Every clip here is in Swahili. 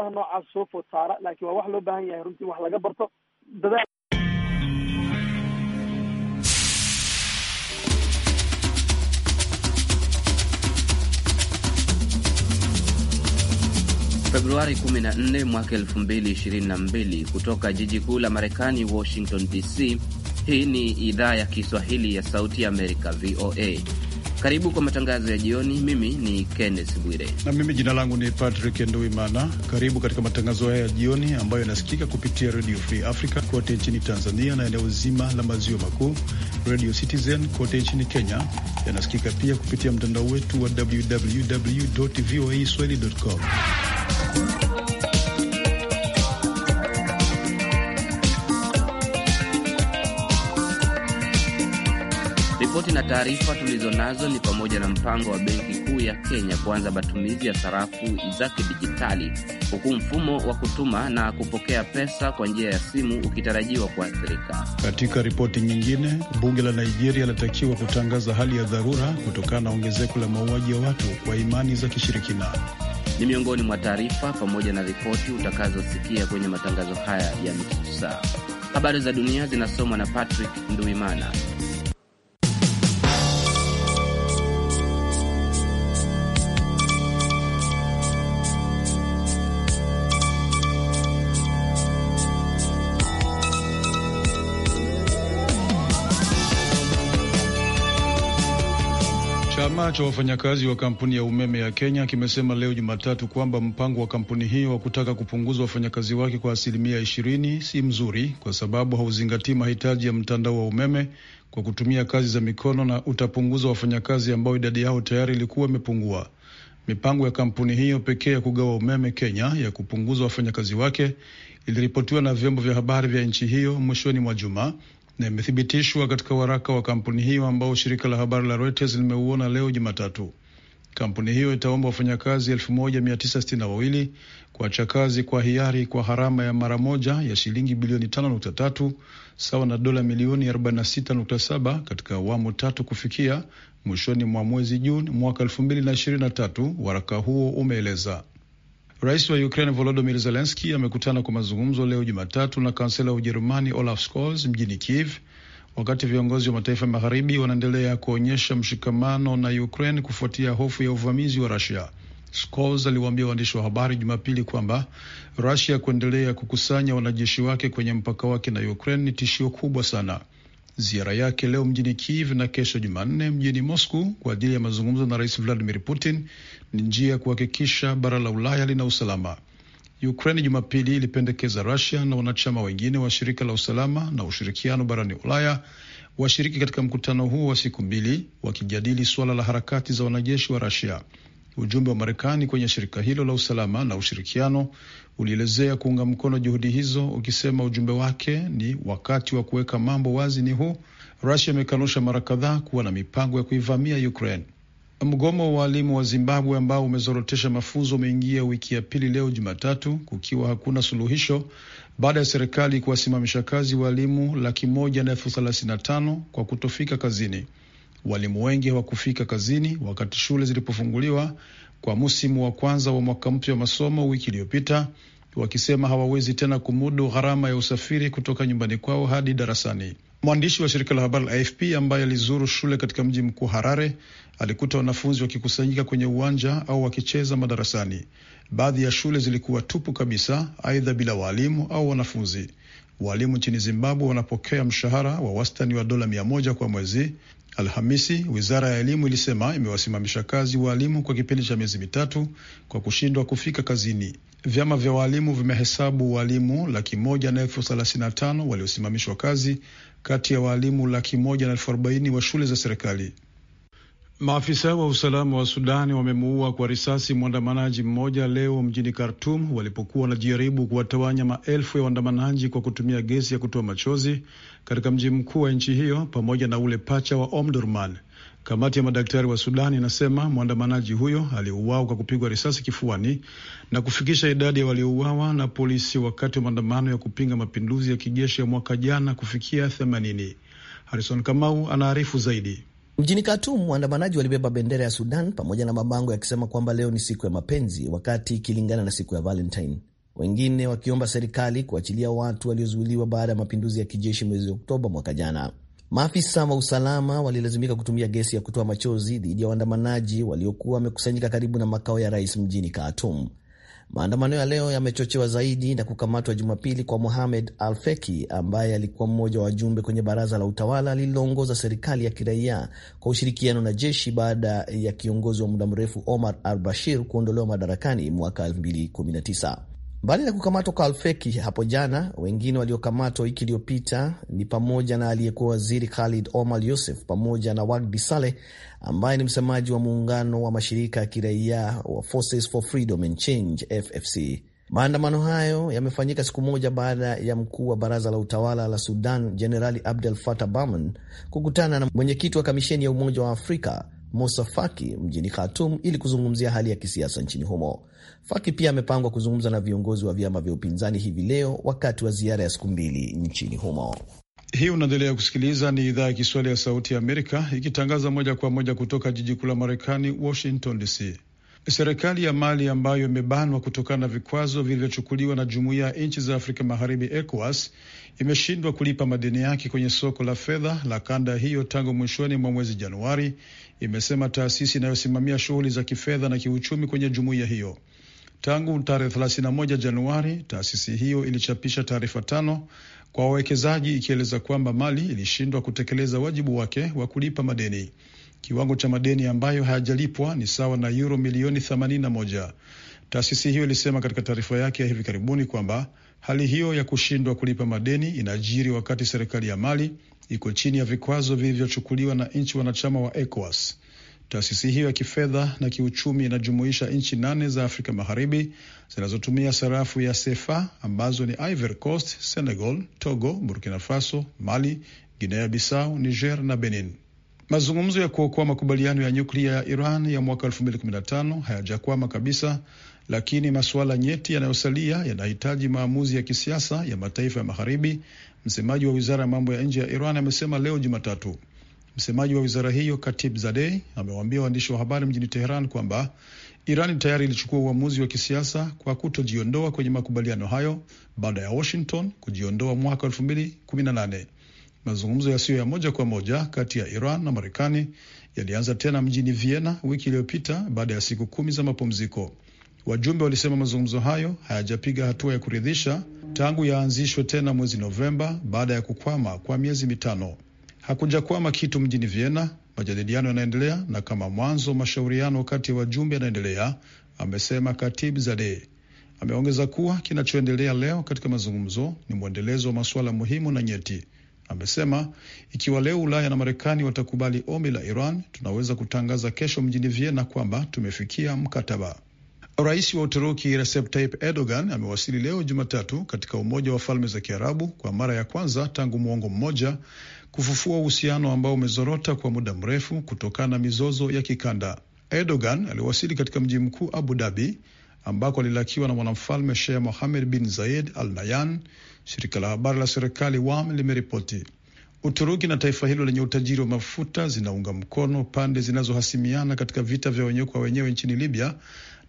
xaaladaha noocaas soo food saara laakiin waa wax loo baahan yahay runtii wax laga barto dadaal Februari 14 mwaka 2022 kutoka jiji kuu la Marekani, Washington DC. Hii ni idhaa ya Kiswahili ya Sauti Amerika, VOA. Karibu kwa matangazo ya jioni. Mimi ni Kenneth Bwire na mimi jina langu ni Patrick Nduimana. Karibu katika matangazo haya ya jioni ambayo yanasikika kupitia Radio Free Africa kote nchini Tanzania na eneo zima la maziwa makuu, Radio Citizen kote nchini Kenya. Yanasikika pia kupitia mtandao wetu wa www voa swahili com Ripoti na taarifa tulizonazo ni pamoja na mpango wa Benki Kuu ya Kenya kuanza matumizi ya sarafu za kidijitali, huku mfumo wa kutuma na kupokea pesa kwa njia ya simu ukitarajiwa kuathirika. Katika ripoti nyingine, bunge la Nigeria linatakiwa kutangaza hali ya dharura kutokana na ongezeko la mauaji ya watu kwa imani za kishirikina. Ni miongoni mwa taarifa pamoja na ripoti utakazosikia kwenye matangazo haya ya nusu saa. Habari za dunia zinasomwa na Patrick Nduimana. cha wafanyakazi wa kampuni ya umeme ya Kenya kimesema leo Jumatatu kwamba mpango wa kampuni hiyo wa kutaka kupunguza wafanyakazi wake kwa asilimia ishirini si mzuri kwa sababu hauzingatii mahitaji ya mtandao wa umeme kwa kutumia kazi za mikono na utapunguza wafanyakazi ambao idadi yao tayari ilikuwa imepungua. Mipango ya kampuni hiyo pekee ya kugawa umeme Kenya ya kupunguza wafanyakazi wake iliripotiwa na vyombo vya habari vya nchi hiyo mwishoni mwa juma na imethibitishwa katika waraka wa kampuni hiyo ambao shirika la habari la Reuters limeuona leo Jumatatu. Kampuni hiyo itaomba wafanyakazi elfu kuacha kazi kwa hiari kwa harama ya mara moja ya shilingi bilioni 5.3 sawa na dola milioni 46.7 katika awamu tatu kufikia mwishoni mwa mwezi Juni mwaka 2023, waraka huo umeeleza. Rais wa Ukraine Volodymyr Zelensky amekutana kwa mazungumzo leo Jumatatu na kansela wa Ujerumani Olaf Scholz mjini Kiev, wakati viongozi wa mataifa magharibi wanaendelea kuonyesha mshikamano na Ukraine kufuatia hofu ya uvamizi wa rasia Scholz aliwaambia waandishi wa habari Jumapili kwamba Rusia kuendelea kukusanya wanajeshi wake kwenye mpaka wake na Ukraine ni tishio kubwa sana ziara yake leo mjini Kiev na kesho Jumanne mjini Moscow kwa ajili ya mazungumzo na Rais Vladimir Putin ni njia ya kuhakikisha bara la Ulaya lina usalama. Ukraine Jumapili ilipendekeza Rusia na wanachama wengine wa shirika la usalama na ushirikiano barani Ulaya washiriki katika mkutano huo wa siku mbili wakijadili suala la harakati za wanajeshi wa Rusia. Ujumbe wa Marekani kwenye shirika hilo la usalama na ushirikiano ulielezea kuunga mkono juhudi hizo ukisema ujumbe wake ni wakati wa kuweka mambo wazi ni huu, Rusia imekanusha mara kadhaa kuwa na mipango ya kuivamia Ukraine. Mgomo wa waalimu wa Zimbabwe ambao umezorotesha mafunzo umeingia wiki ya pili leo Jumatatu, kukiwa hakuna suluhisho baada ya serikali kuwasimamisha kazi waalimu laki moja na elfu thelathini na tano kwa kutofika kazini. Walimu wengi hawakufika kazini wakati shule zilipofunguliwa kwa msimu wa kwanza wa mwaka mpya wa masomo wiki iliyopita, wakisema hawawezi tena kumudu gharama ya usafiri kutoka nyumbani kwao hadi darasani. Mwandishi wa shirika la habari la AFP ambaye alizuru shule katika mji mkuu Harare alikuta wanafunzi wakikusanyika kwenye uwanja au wakicheza madarasani. Baadhi ya shule zilikuwa tupu kabisa, aidha bila waalimu au wanafunzi. Waalimu nchini Zimbabwe wanapokea mshahara wa wastani wa dola mia moja kwa mwezi, Alhamisi wizara ya elimu ilisema imewasimamisha kazi waalimu kwa kipindi cha miezi mitatu kwa kushindwa kufika kazini. Vyama vya waalimu vimehesabu waalimu laki moja na elfu thelathini na tano waliosimamishwa kazi kati ya waalimu laki moja na elfu arobaini wa shule za serikali. Maafisa wa usalama wa Sudani wamemuua kwa risasi mwandamanaji mmoja leo mjini Khartum walipokuwa wanajaribu kuwatawanya maelfu ya waandamanaji kwa kutumia gesi ya kutoa machozi katika mji mkuu wa nchi hiyo pamoja na ule pacha wa Omdurman. Kamati ya madaktari wa Sudani inasema mwandamanaji huyo aliuawa kwa kupigwa risasi kifuani na kufikisha idadi ya waliouawa na polisi wakati wa maandamano ya kupinga mapinduzi ya kijeshi ya mwaka jana kufikia themanini. Harison Kamau anaarifu zaidi. Mjini Khartoum waandamanaji walibeba bendera ya Sudan pamoja na mabango yakisema kwamba leo ni siku ya mapenzi, wakati ikilingana na siku ya Valentine, wengine wakiomba serikali kuachilia watu waliozuiliwa baada ya mapinduzi ya kijeshi mwezi Oktoba mwaka jana. Maafisa wa usalama walilazimika kutumia gesi ya kutoa machozi dhidi ya waandamanaji waliokuwa wamekusanyika karibu na makao ya rais mjini Khartoum. Maandamano ya leo yamechochewa zaidi na kukamatwa Jumapili kwa Mohamed Alfeki ambaye alikuwa mmoja wa wajumbe kwenye baraza la utawala lililoongoza serikali ya kiraia kwa ushirikiano na jeshi baada ya kiongozi wa muda mrefu Omar al Bashir kuondolewa madarakani mwaka 2019. Mbali na kukamatwa kwa Alfeki hapo jana, wengine waliokamatwa wiki iliyopita ni pamoja na aliyekuwa waziri Khalid Omar Yusuf pamoja na Wagdi Saleh ambaye ni msemaji wa muungano wa mashirika ya kiraia wa Forces for Freedom and Change, FFC. Maandamano hayo yamefanyika siku moja baada ya mkuu wa baraza la utawala la Sudan Jenerali Abdel Fattah barman kukutana na mwenyekiti wa kamisheni ya Umoja wa Afrika Musa Faki mjini Khartoum ili kuzungumzia hali ya kisiasa nchini humo. Faki pia amepangwa kuzungumza na viongozi wa vyama vya upinzani hivi leo wakati wa ziara ya siku mbili nchini humo. Hii unaendelea kusikiliza, ni idhaa ya Kiswahili ya Sauti ya Amerika ikitangaza moja kwa moja kutoka jiji kuu la Marekani, Washington DC. Serikali ya Mali ambayo imebanwa kutokana na vikwazo vilivyochukuliwa na jumuiya ya nchi za Afrika Magharibi, ECOWAS, imeshindwa kulipa madeni yake kwenye soko la fedha la kanda hiyo tangu mwishoni mwa mwezi Januari, imesema taasisi inayosimamia shughuli za kifedha na kiuchumi kwenye jumuiya hiyo. Tangu tarehe 31 Januari, taasisi hiyo ilichapisha taarifa tano kwa wawekezaji ikieleza kwamba Mali ilishindwa kutekeleza wajibu wake wa kulipa madeni. Kiwango cha madeni ambayo hayajalipwa ni sawa na yuro milioni 81. Taasisi hiyo ilisema katika taarifa yake ya hivi karibuni kwamba hali hiyo ya kushindwa kulipa madeni inajiri wakati serikali ya Mali iko chini ya vikwazo vilivyochukuliwa na nchi wanachama wa ECOWAS. Taasisi hiyo ya kifedha na kiuchumi inajumuisha nchi nane za Afrika Magharibi zinazotumia sarafu ya sefa ambazo ni Ivory Coast, Senegal, Togo, Burkina Faso, Mali, Guinea Bissau, Niger na Benin. Mazungumzo ya kuokoa makubaliano ya nyuklia ya Iran ya mwaka 2015 hayajakwama kabisa lakini masuala nyeti yanayosalia yanahitaji maamuzi ya kisiasa ya mataifa ya Magharibi, msemaji wa wizara ya mambo ya nje ya Iran amesema leo Jumatatu. Msemaji wa wizara hiyo Katib Zadei amewaambia waandishi wa habari mjini Teheran kwamba Iran tayari ilichukua uamuzi wa kisiasa kwa kutojiondoa kwenye makubaliano hayo baada ya Washington kujiondoa mwaka 2018. Mazungumzo yasiyo ya moja kwa moja kati ya Iran na Marekani yalianza tena mjini Vienna wiki iliyopita baada ya siku kumi za mapumziko. Wajumbe walisema mazungumzo hayo hayajapiga hatua ya kuridhisha tangu yaanzishwe tena mwezi Novemba baada ya kukwama kwa miezi mitano. Hakujakwama kitu mjini Vienna, majadiliano yanaendelea na kama mwanzo mashauriano kati ya wajumbe yanaendelea, amesema Katib zade Ameongeza kuwa kinachoendelea leo katika mazungumzo ni mwendelezo wa masuala muhimu na nyeti. Amesema ikiwa leo Ulaya na Marekani watakubali ombi la Iran, tunaweza kutangaza kesho mjini Vienna kwamba tumefikia mkataba. Rais wa Uturuki Recep Tayyip Erdogan amewasili leo Jumatatu katika Umoja wa Falme za Kiarabu kwa mara ya kwanza tangu mwongo mmoja kufufua uhusiano ambao umezorota kwa muda mrefu kutokana na mizozo ya kikanda. Erdogan aliwasili katika mji mkuu Abu Dhabi ambako alilakiwa na mwanamfalme Sheikh Mohammed bin Zayed Al nayan shirika la habari la serikali WAM limeripoti. Uturuki na taifa hilo lenye utajiri wa mafuta zinaunga mkono pande zinazohasimiana katika vita vya wenyewe kwa wenyewe nchini Libya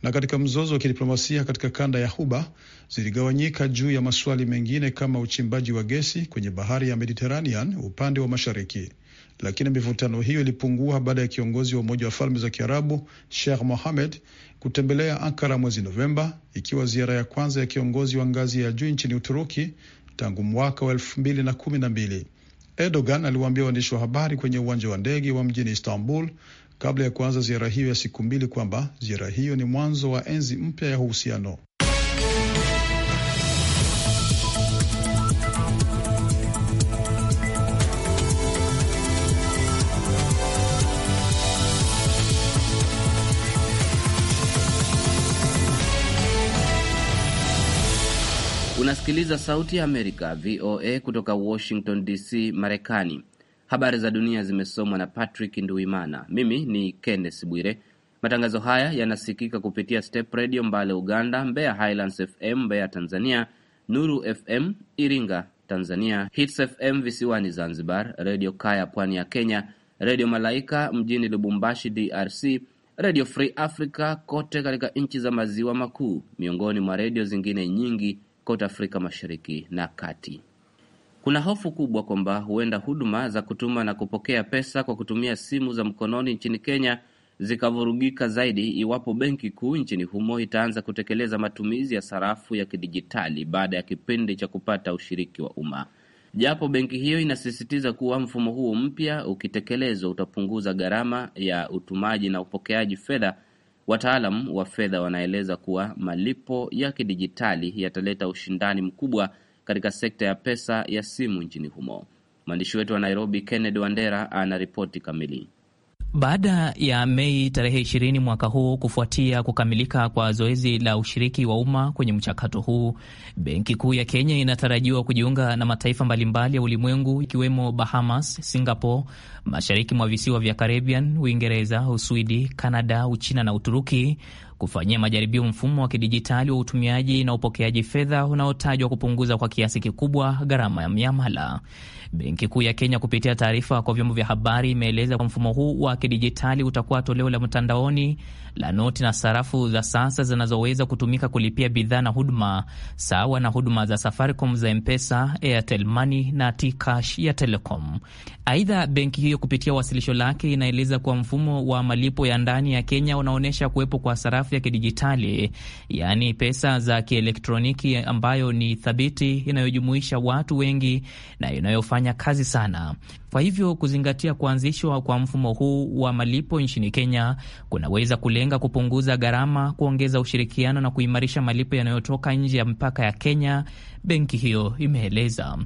na katika mzozo wa kidiplomasia katika kanda ya huba ziligawanyika juu ya maswali mengine kama uchimbaji wa gesi kwenye bahari ya Mediterranean upande wa mashariki, lakini mivutano hiyo ilipungua baada ya kiongozi wa Umoja wa Falme za Kiarabu Sheikh Mohammed kutembelea Ankara mwezi Novemba, ikiwa ziara ya kwanza ya kiongozi wa ngazi ya juu nchini Uturuki tangu mwaka wa elfu mbili na kumi na mbili. Erdogan aliwaambia waandishi wa habari kwenye uwanja wa ndege wa mjini Istanbul kabla ya kuanza ziara hiyo ya siku mbili kwamba ziara hiyo ni mwanzo wa enzi mpya ya uhusiano. Unasikiliza Sauti ya Amerika, VOA, kutoka Washington DC, Marekani. Habari za dunia zimesomwa na Patrick Nduimana. Mimi ni Kenneth Bwire. Matangazo haya yanasikika kupitia Step Redio Mbale Uganda, Mbeya Highlands FM Mbeya Tanzania, Nuru FM Iringa Tanzania, Hits FM visiwani Zanzibar, Redio Kaya pwani ya Kenya, Redio Malaika mjini Lubumbashi DRC, Redio Free Africa kote katika nchi za maziwa makuu, miongoni mwa redio zingine nyingi kote Afrika mashariki na kati. Kuna hofu kubwa kwamba huenda huduma za kutuma na kupokea pesa kwa kutumia simu za mkononi nchini Kenya zikavurugika zaidi iwapo benki kuu nchini humo itaanza kutekeleza matumizi ya sarafu ya kidijitali baada ya kipindi cha kupata ushiriki wa umma. Japo benki hiyo inasisitiza kuwa mfumo huo mpya ukitekelezwa utapunguza gharama ya utumaji na upokeaji fedha, wataalam wa fedha wanaeleza kuwa malipo ya kidijitali yataleta ushindani mkubwa katika sekta ya pesa ya simu nchini humo. Mwandishi wetu wa Nairobi, Kennedy Wandera, ana ripoti kamili. Baada ya Mei tarehe 20 mwaka huu, kufuatia kukamilika kwa zoezi la ushiriki wa umma kwenye mchakato huu, benki kuu ya Kenya inatarajiwa kujiunga na mataifa mbalimbali ya ulimwengu ikiwemo Bahamas, Singapore, mashariki mwa visiwa vya Caribbean, Uingereza, Uswidi, Kanada, Uchina na Uturuki kufanyia majaribio mfumo wa kidijitali wa utumiaji na upokeaji fedha unaotajwa kupunguza kwa kiasi kikubwa gharama ya miamala. Benki Kuu ya Kenya kupitia taarifa kwa vyombo vya habari imeeleza kwa mfumo huu wa kidijitali utakuwa toleo la mtandaoni la noti na sarafu za sasa zinazoweza kutumika kulipia bidhaa na huduma sawa na huduma za Safaricom za Mpesa, Airtel Money na Tcash ya Telecom. Aidha, benki hiyo kupitia wasilisho lake inaeleza kuwa mfumo wa malipo ya ndani ya Kenya unaonyesha kuwepo kwa sarafu ya kidijitali, yaani pesa za kielektroniki ambayo ni thabiti, inayojumuisha watu wengi na inayofanya kazi sana. Kwa hivyo kuzingatia kuanzishwa kwa mfumo huu wa malipo nchini Kenya kunaweza kulenga kupunguza gharama, kuongeza ushirikiano na kuimarisha malipo yanayotoka nje ya mpaka ya Kenya benki hiyo imeeleza.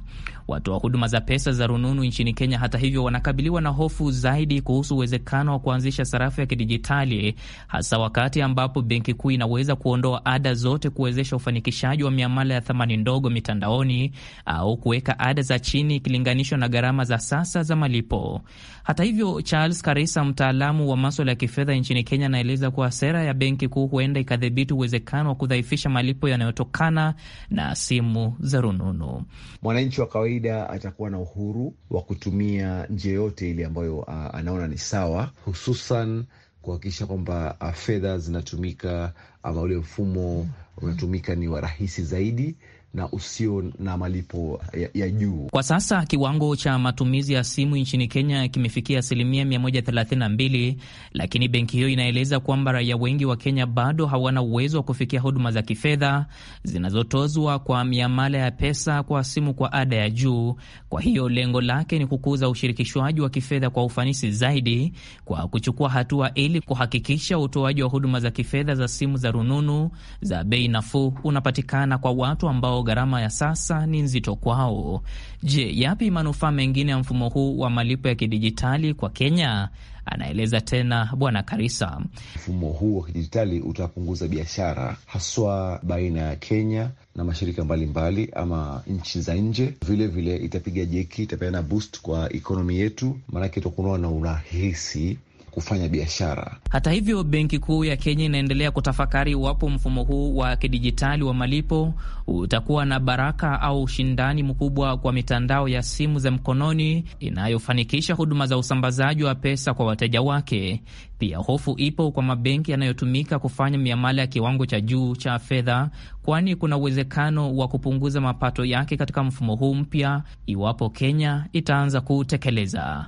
Watoa huduma za pesa za rununu nchini Kenya, hata hivyo, wanakabiliwa na hofu zaidi kuhusu uwezekano wa kuanzisha sarafu ya kidijitali, hasa wakati ambapo benki kuu inaweza kuondoa ada zote kuwezesha ufanikishaji wa miamala ya thamani ndogo mitandaoni au kuweka ada za chini ikilinganishwa na gharama za sasa za malipo. Hata hivyo, Charles Karisa, mtaalamu wa maswala ya kifedha nchini Kenya, anaeleza kuwa sera ya benki kuu huenda ikadhibiti uwezekano wa kudhaifisha malipo yanayotokana na simu za rununu. Mwananchi wa kawaida atakuwa na uhuru wa kutumia njia yoyote ile ambayo uh, anaona ni sawa, hususan kuhakikisha kwamba uh, fedha zinatumika ama ule mfumo mm. unatumika ni wa rahisi zaidi na usio na malipo ya, ya juu. Kwa sasa kiwango cha matumizi ya simu nchini Kenya kimefikia asilimia 132, lakini benki hiyo inaeleza kwamba raia wengi wa Kenya bado hawana uwezo wa kufikia huduma za kifedha zinazotozwa kwa miamala ya pesa kwa simu kwa ada ya juu. Kwa hiyo lengo lake ni kukuza ushirikishwaji wa kifedha kwa ufanisi zaidi kwa kuchukua hatua ili kuhakikisha utoaji wa huduma za kifedha za simu za rununu za bei nafuu unapatikana kwa watu ambao gharama ya sasa ni nzito kwao. Je, yapi manufaa mengine ya mfumo huu wa malipo ya kidijitali kwa Kenya? Anaeleza tena Bwana Karisa. Mfumo huu wa kidijitali utapunguza biashara haswa baina ya Kenya na mashirika mbalimbali mbali, ama nchi za nje. Vilevile itapiga jeki, itapeana boost kwa ikonomi yetu, maanake itakuwa na urahisi kufanya biashara. Hata hivyo, Benki Kuu ya Kenya inaendelea kutafakari iwapo mfumo huu wa kidijitali wa malipo utakuwa na baraka au ushindani mkubwa kwa mitandao ya simu za mkononi inayofanikisha huduma za usambazaji wa pesa kwa wateja wake. Pia hofu ipo kwa mabenki yanayotumika kufanya miamala ya kiwango cha juu cha fedha, kwani kuna uwezekano wa kupunguza mapato yake katika mfumo huu mpya iwapo Kenya itaanza kuutekeleza.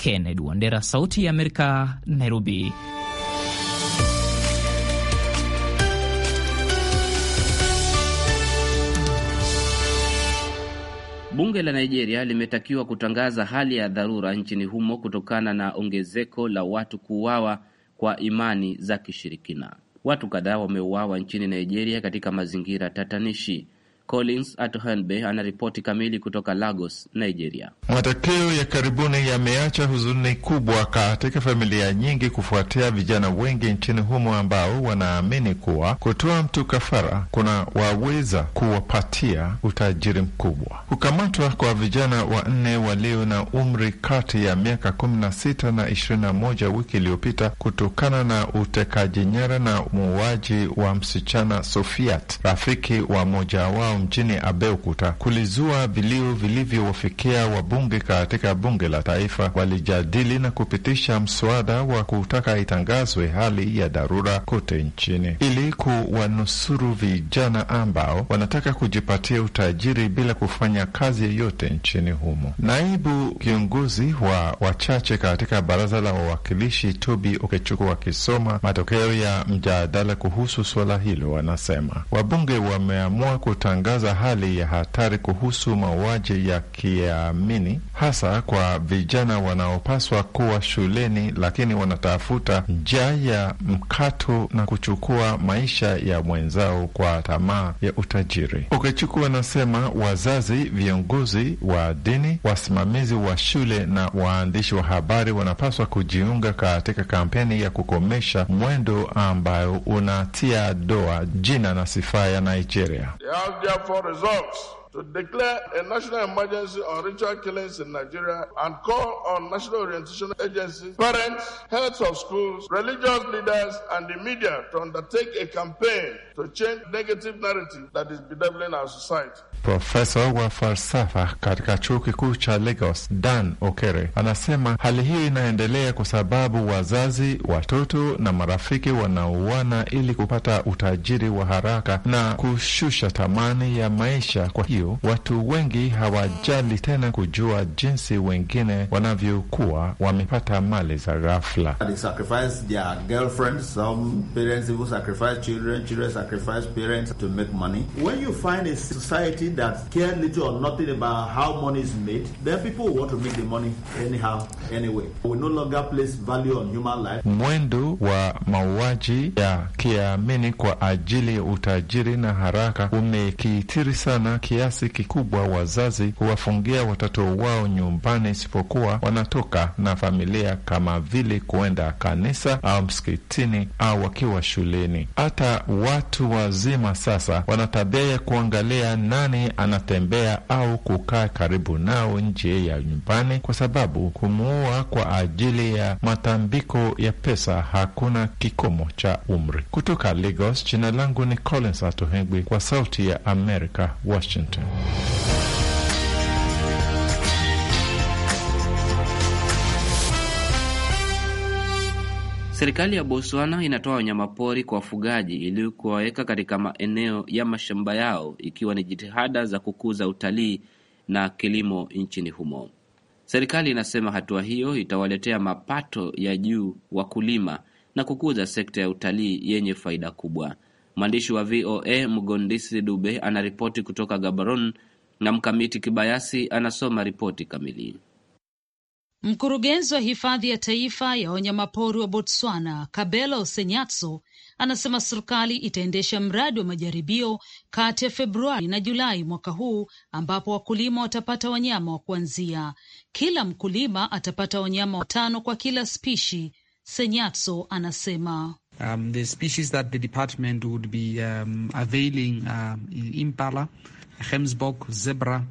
Kennedy Wandera, Sauti ya Amerika, Nairobi. Bunge la Nigeria limetakiwa kutangaza hali ya dharura nchini humo kutokana na ongezeko la watu kuuawa kwa imani za kishirikina. Watu kadhaa wameuawa nchini Nigeria katika mazingira tatanishi. Collins Atohenbe ripoti kamili kutoka Lagos, Nigeria. Matokeo ya karibuni yameacha huzuni kubwa katika familia nyingi kufuatia vijana wengi nchini humo ambao wanaamini kuwa kutoa mtu kafara kuna waweza kuwapatia utajiri mkubwa. Kukamatwa kwa vijana wanne walio na umri kati ya miaka 16 na 21 wiki iliyopita kutokana na utekaji nyara na muuaji wa msichana Sofiat, rafiki wa moja wao mjini Abeokuta kulizua vilio vilivyowafikia wabunge katika bunge la taifa. Walijadili na kupitisha mswada wa kutaka itangazwe hali ya dharura kote nchini ili kuwanusuru vijana ambao wanataka kujipatia utajiri bila kufanya kazi yoyote nchini humo. Naibu kiongozi wa wachache katika baraza la wawakilishi Tobi ukechuku wakisoma matokeo ya mjadala kuhusu suala hilo, wanasema wabunge wameamua kutangaza kutangaza hali ya hatari kuhusu mauaji ya kiamini, hasa kwa vijana wanaopaswa kuwa shuleni, lakini wanatafuta njia ya mkato na kuchukua maisha ya mwenzao kwa tamaa ya utajiri. ukichukua anasema wazazi, viongozi wa dini, wasimamizi wa shule na waandishi wa habari wanapaswa kujiunga katika kampeni ya kukomesha mwendo ambayo unatia doa jina na sifa ya Nigeria. therefore results to declare a national emergency on ritual killings in Nigeria and call on national orientation agencies, parents, heads of schools, religious leaders, and the media to undertake a campaign to change negative narrative that is bedeviling our society. Profesa wa falsafa katika chuo kikuu cha Lagos, Dan Okere, anasema hali hiyo inaendelea kwa sababu wazazi, watoto na marafiki wanauana ili kupata utajiri wa haraka na kushusha thamani ya maisha. Kwa hiyo watu wengi hawajali tena kujua jinsi wengine wanavyokuwa wamepata mali za ghafla. Children, children sacrifice parents to make money. When you find a society agency that care little or nothing about how money is made, then people want to make the money anyhow, anyway. We no longer place value on human life. Mwendo wa mauaji ya kiamini kwa ajili ya utajiri na haraka umekithiri sana kiasi kikubwa, wazazi huwafungia watoto wao nyumbani isipokuwa wanatoka na familia, kama vile kuenda kanisa au msikitini au wakiwa shuleni. Hata watu wazima sasa wana tabia ya kuangalia nani ambaye anatembea au kukaa karibu nao nje ya nyumbani, kwa sababu kumuua kwa ajili ya matambiko ya pesa hakuna kikomo cha umri. Kutoka Lagos, jina langu ni Collins Atohengwi, kwa Sauti ya Amerika, Washington. Serikali ya Botswana inatoa wanyamapori kwa wafugaji ili kuwaweka katika maeneo ya mashamba yao ikiwa ni jitihada za kukuza utalii na kilimo nchini humo. Serikali inasema hatua hiyo itawaletea mapato ya juu wakulima na kukuza sekta ya utalii yenye faida kubwa. Mwandishi wa VOA Mgondisi Dube anaripoti kutoka Gaborone na Mkamiti Kibayasi anasoma ripoti kamili. Mkurugenzi wa hifadhi ya taifa ya wanyamapori wa Botswana, Kabelo Senyatso, anasema serikali itaendesha mradi wa majaribio kati ya Februari na Julai mwaka huu ambapo wakulima watapata wanyama wa kuanzia. Kila mkulima atapata wanyama watano kwa kila spishi. Senyatso anasema um, the species that the department would be um, availing um, impala, Hemsbok, zebra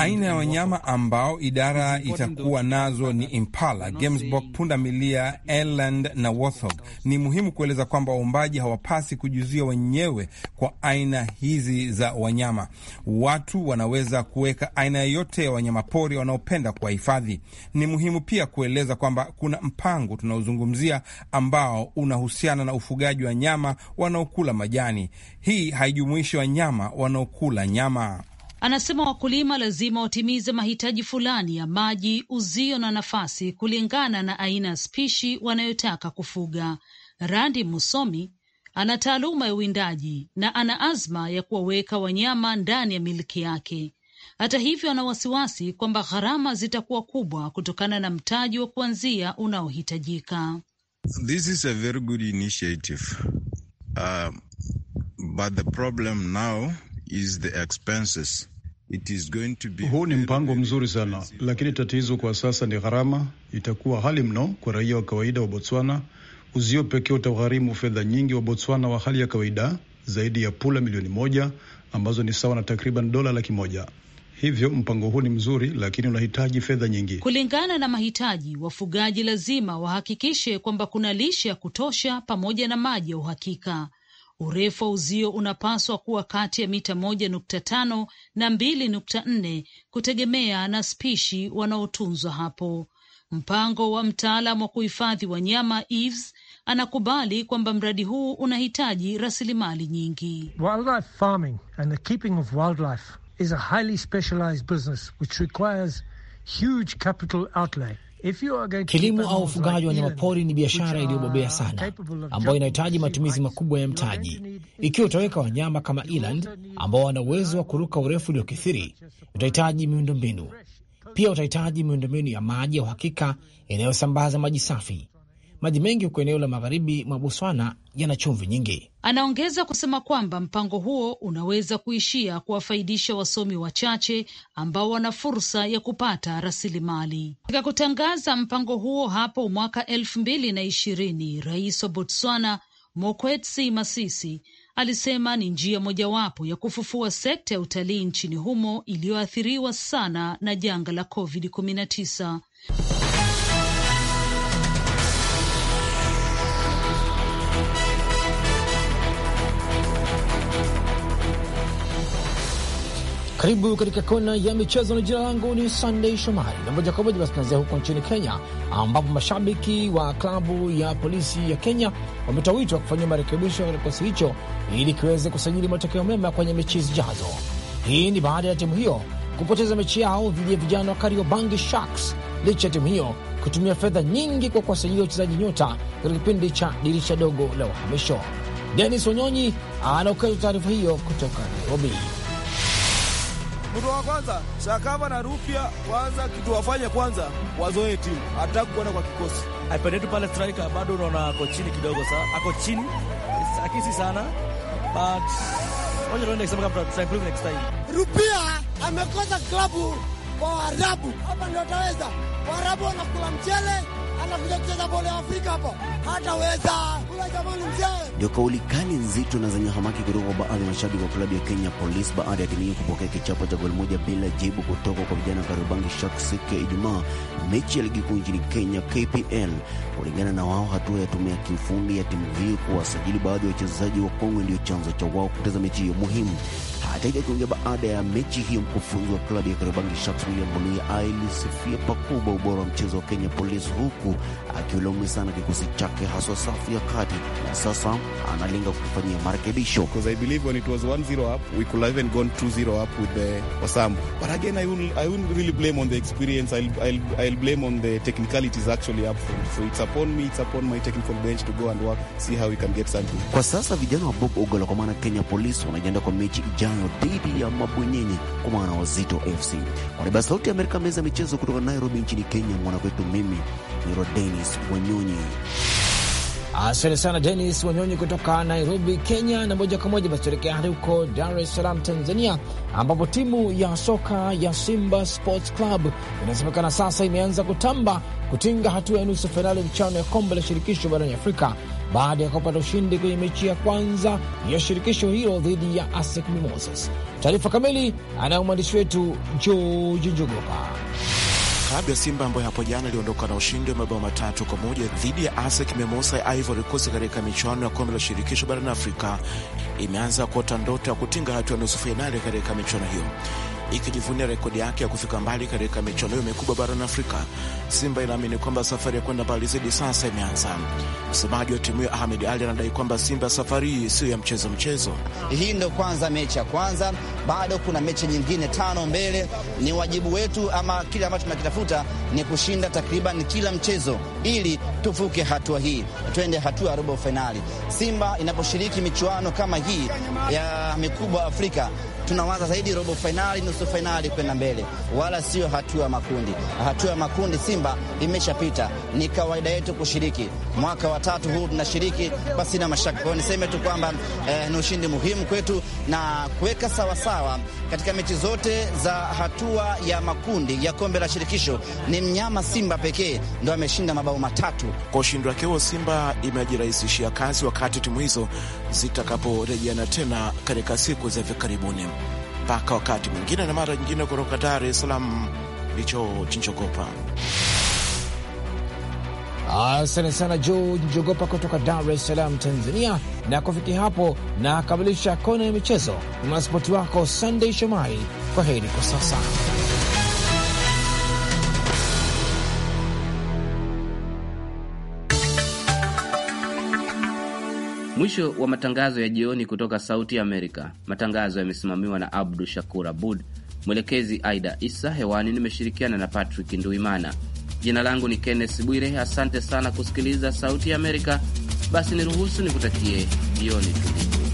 Aina ya wanyama ambao idara itakuwa nazo ni impala, gemsbok, punda milia, eland na warthog. Ni muhimu kueleza kwamba waumbaji hawapasi kujuzia wenyewe kwa aina hizi za wanyama. Watu wanaweza kuweka aina yoyote ya wanyama pori wanaopenda kuwahifadhi. Ni muhimu pia kueleza kwamba kuna mpango tunaozungumzia ambao unahusiana na ufugaji wa nyama wanaokula majani. Hii haijumuishi wanyama wanaokula nyama. Anasema wakulima lazima watimize mahitaji fulani ya maji, uzio na nafasi kulingana na aina ya spishi wanayotaka kufuga. Randi Musomi ana taaluma ya uwindaji na ana azma ya kuwaweka wanyama ndani ya miliki yake. Hata hivyo, ana wasiwasi kwamba gharama zitakuwa kubwa kutokana na mtaji wa kuanzia unaohitajika. This is a very good initiative. Uh, but the problem now is the expenses. It is going to be... huu ni mpango mzuri sana, lakini tatizo kwa sasa ni gharama. Itakuwa hali mno kwa raia wa kawaida wa Botswana. Uzio pekee utagharimu fedha nyingi wa Botswana wa hali ya kawaida, zaidi ya pula milioni moja ambazo ni sawa na takriban dola laki moja. Hivyo mpango huu ni mzuri, lakini unahitaji fedha nyingi. Kulingana na mahitaji, wafugaji lazima wahakikishe kwamba kuna lishe ya kutosha pamoja na maji ya uhakika. Urefu wa uzio unapaswa kuwa kati ya mita moja nukta tano na mbili nukta nne kutegemea na spishi wanaotunzwa hapo. Mpango wa mtaalam wa kuhifadhi wanyama Eves anakubali kwamba mradi huu unahitaji rasilimali nyingi. Wildlife farming and the keeping of wildlife is a highly specialized business which requires huge capital outlay. Kilimo au ufugaji wa wanyamapori ni biashara iliyobobea sana, ambayo inahitaji matumizi makubwa ya mtaji. Ikiwa utaweka wanyama kama eland ambao wana uwezo wa kuruka urefu uliokithiri, utahitaji miundombinu. Pia utahitaji miundombinu ya maji ya uhakika inayosambaza maji safi maji mengi huko eneo la magharibi mwa Botswana yana chumvi nyingi. Anaongeza kusema kwamba mpango huo unaweza kuishia kuwafaidisha wasomi wachache ambao wana fursa ya kupata rasilimali. Katika kutangaza mpango huo hapo mwaka elfu mbili na ishirini, rais wa Botswana Mokwetsi Masisi alisema ni njia mojawapo ya kufufua sekta ya utalii nchini humo iliyoathiriwa sana na janga la COVID-19. Karibu katika kona ya michezo na jina langu ni Sunday Shomari, na moja kwa moja basi tunaanzia huko nchini Kenya, ambapo mashabiki wa klabu ya polisi ya Kenya wametoa wito wa kufanyia marekebisho ya kikosi hicho ili kiweze kusajili matokeo mema kwenye mechi zijazo. Hii ni baada ya timu hiyo kupoteza mechi yao dhidi ya vijana wa Kariobangi Sharks licha ya timu hiyo kutumia fedha nyingi kwa kuwasajili wachezaji nyota katika kipindi cha dirisha dogo la uhamisho. Denis Wanyonyi anaokezwa taarifa hiyo kutoka Nairobi mtu wa kwanza Shakava na Rupia kwanza, kitu wafanye kwanza, wazoe timu, hataki kuenda kwa kikosi. Aipende tu pale striker, bado unaona ako chini kidogo, saa ako chini akisi sana, but wacha tuende kusema kama tuta improve next time. Rupia amekosa klabu kwa Arabu, hapa ndio ataweza. Waarabu wanakula mchele anakuja kucheza bole ya Afrika hapo, hataweza jamani, mzee. Ndio kauli kali nzito na zenye hamaki kutoka kwa baadhi ya mashabiki wa klabu ya Kenya Police baada ya timu hiyo kupokea kichapo cha goli moja bila jibu kutoka kwa vijana wa Kariobangi Sharks siku ya Ijumaa, mechi ya ligi kuu nchini Kenya KPL. Kulingana na wao, hatua ya tume ya kiufundi ya timu hii kuwasajili baadhi ya wachezaji wa kongwe ndio chanzo cha wao kupoteza mechi hiyo muhimu. Hata ikakuja baada ya mechi hiyo, mkufunzi wa klabu ya Kariobangi Sharks William Muluya ailisifia pakubwa ubora wa mchezo wa Kenya Police, huku akilaumu sana kikosi chake haswa safu ya kati, na sasa analenga kufanyia marekebisho. Kwa sasa vijana wa Bob Ogola kwa maana Kenya Police wanajiandaa kwa mechi ijayo nayo dhidi ya mabwenyenye kwa mwana wazito FC. Kwa niaba ya Sauti ya Amerika, meza michezo kutoka Nairobi nchini Kenya, mwanakwetu mimi ni Denis Wanyonyi. Asante sana Denis Wanyonyi kutoka Nairobi, Kenya. Na moja kwa moja basi tuelekea hadi huko Dar es Salaam, Tanzania, ambapo timu ya soka ya Simba Sports Club inasemekana sasa imeanza kutamba kutinga hatua ya nusu fainali mchano ya kombe la shirikisho barani Afrika baada ya kupata ushindi kwenye mechi ya kwanza ya shirikisho hilo dhidi ya ASEC Mimosas. Taarifa kamili anayo mwandishi wetu George Njogopa. Klabu ya Simba ambayo hapo jana iliondoka na ushindi wa mabao matatu kwa moja dhidi ya ASEC memosa ya Ivory Coast katika michuano ya kombe la shirikisho barani Afrika imeanza kuota ndoto ya kutinga hatua ya nusu fainali katika michuano hiyo ikijivunia rekodi yake ya kufika mbali katika michuano mikubwa barani Afrika. Simba inaamini kwamba safari ya kwenda mbali zaidi sasa imeanza. Msemaji wa timu hiyo Ahmed Ali anadai kwamba Simba safari hii siyo ya mchezo mchezo. Hii ndo kwanza mechi ya kwanza, bado kuna mechi nyingine tano mbele. Ni wajibu wetu ama kile ambacho tunakitafuta ni kushinda takriban kila mchezo ili tuvuke hatua hii, twende hatua ya robo fainali. Simba inaposhiriki michuano kama hii ya mikubwa Afrika tunawaza zaidi robo fainali, nusu fainali kwenda mbele, wala sio hatua ya makundi. Hatua ya makundi Simba imeshapita, ni kawaida yetu kushiriki. Mwaka wa tatu huu tunashiriki na mashaka. Kwa hiyo niseme tu kwamba eh, ni ushindi muhimu kwetu na kuweka sawasawa katika mechi zote za hatua ya makundi ya kombe la shirikisho. Ni mnyama Simba pekee ndo ameshinda mabao matatu. Kwa ushindi wake huo, Simba imejirahisishia kazi wakati timu hizo zitakaporejeana tena katika siku za hivi karibuni mpaka wakati mwingine na mara nyingine. Kutoka Dar es Salaam, George chinchogopa. Asante sana George Njogopa kutoka Dar es Salaam, Tanzania. Na kufikia hapo na kamilisha kona ya michezo na mwanaspoti wako Sunday Shomari. Kwa heri kwa sasa. Mwisho wa matangazo ya jioni kutoka Sauti ya Amerika. Matangazo yamesimamiwa na Abdu Shakur Abud, mwelekezi Aida Isa. Hewani nimeshirikiana na Patrick Nduimana. Jina langu ni Kenneth Bwire. Asante sana kusikiliza Sauti ya Amerika. Basi niruhusu nikutakie jioni tulivu.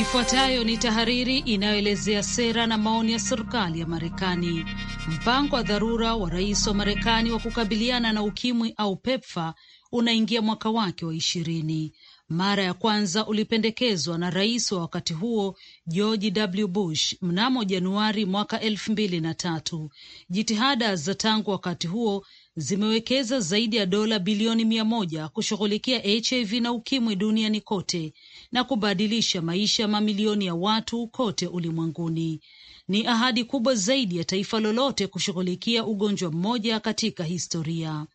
Ifuatayo ni tahariri inayoelezea sera na maoni ya serikali ya Marekani. Mpango wa dharura wa rais wa Marekani wa kukabiliana na ukimwi au pepfa unaingia mwaka wake wa ishirini. Mara ya kwanza ulipendekezwa na rais wa wakati huo George W. Bush mnamo Januari mwaka elfu mbili na tatu. Jitihada za tangu wakati huo zimewekeza zaidi ya dola bilioni mia moja kushughulikia HIV na ukimwi duniani kote na kubadilisha maisha ya mamilioni ya watu kote ulimwenguni. Ni ahadi kubwa zaidi ya taifa lolote kushughulikia ugonjwa mmoja katika historia.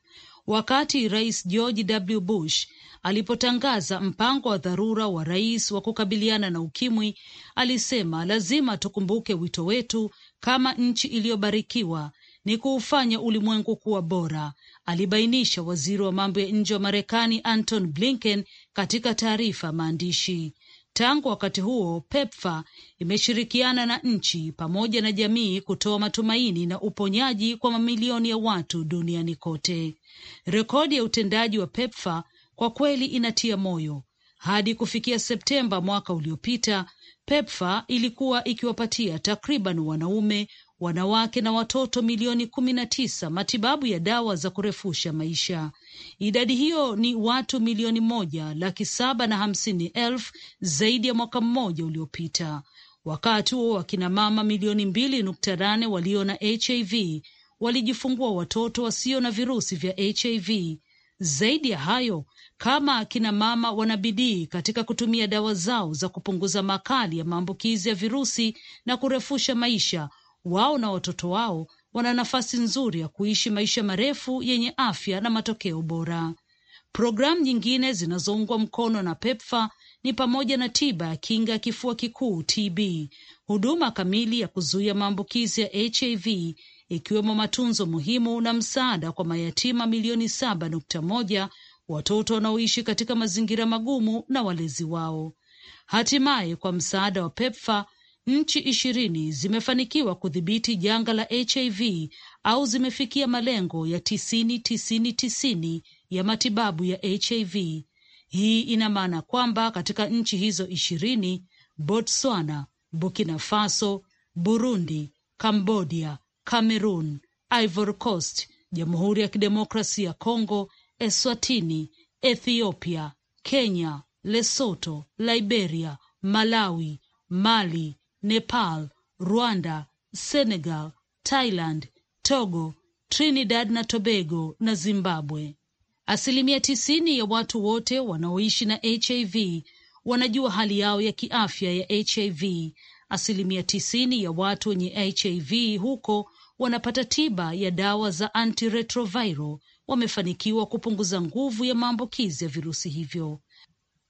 Wakati Rais George W. Bush alipotangaza mpango wa dharura wa rais wa kukabiliana na ukimwi, alisema lazima tukumbuke wito wetu kama nchi iliyobarikiwa ni kuufanya ulimwengu kuwa bora, alibainisha waziri wa mambo ya nje wa Marekani Anton Blinken katika taarifa maandishi. Tangu wakati huo PEPFA imeshirikiana na nchi pamoja na jamii kutoa matumaini na uponyaji kwa mamilioni ya watu duniani kote. Rekodi ya utendaji wa pepfa kwa kweli inatia moyo. Hadi kufikia Septemba mwaka uliopita, pepfa ilikuwa ikiwapatia takriban wanaume wanawake na watoto milioni kumi na tisa matibabu ya dawa za kurefusha maisha. Idadi hiyo ni watu milioni moja laki saba na hamsini elfu zaidi ya mwaka mmoja uliopita. Wakati huo wakinamama milioni mbili nukta nane walio na HIV walijifungua watoto wasio na virusi vya HIV. Zaidi ya hayo, kama akina mama wana bidii katika kutumia dawa zao za kupunguza makali ya maambukizi ya virusi na kurefusha maisha, wao na watoto wao wana nafasi nzuri ya kuishi maisha marefu yenye afya na matokeo bora. Programu nyingine zinazoungwa mkono na pepfa ni pamoja na tiba ya kinga ya kifua kikuu TB, huduma kamili ya kuzuia maambukizi ya HIV ikiwemo matunzo muhimu na msaada kwa mayatima milioni saba nukta moja, watoto wanaoishi katika mazingira magumu na walezi wao. Hatimaye, kwa msaada wa PEPFA, nchi ishirini zimefanikiwa kudhibiti janga la HIV au zimefikia malengo ya tisini tisini tisini ya matibabu ya HIV. Hii ina maana kwamba katika nchi hizo ishirini Botswana, Burkina Faso, Burundi, Cambodia, Cameroon, Ivory Coast, Jamhuri ya Kidemokrasi ya Congo, Eswatini, Ethiopia, Kenya, Lesotho, Liberia, Malawi, Mali, Nepal, Rwanda, Senegal, Thailand, Togo, Trinidad na Tobago na Zimbabwe. Asilimia tisini ya watu wote wanaoishi na HIV wanajua hali yao ya kiafya ya HIV. Asilimia tisini ya watu wenye HIV huko wanapata tiba ya dawa za antiretroviral, wamefanikiwa kupunguza nguvu ya maambukizi ya virusi hivyo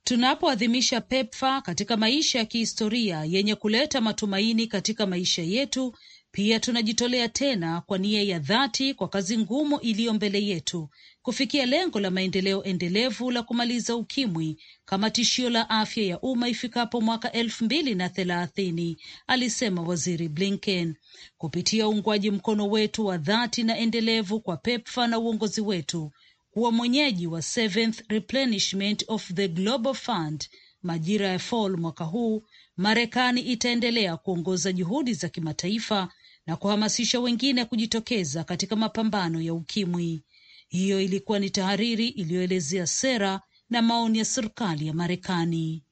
tunapoadhimisha pepfa katika maisha ya kihistoria yenye kuleta matumaini katika maisha yetu, pia tunajitolea tena kwa nia ya dhati kwa kazi ngumu iliyo mbele yetu kufikia lengo la maendeleo endelevu la kumaliza ukimwi kama tishio la afya ya umma ifikapo mwaka elfu mbili na thelathini, alisema Waziri Blinken. Kupitia uungwaji mkono wetu wa dhati na endelevu kwa pepfa na uongozi wetu kuwa mwenyeji wa seventh replenishment of the Global Fund majira ya fall mwaka huu, Marekani itaendelea kuongoza juhudi za kimataifa na kuhamasisha wengine kujitokeza katika mapambano ya ukimwi. Hiyo ilikuwa ni tahariri iliyoelezea sera na maoni ya serikali ya Marekani.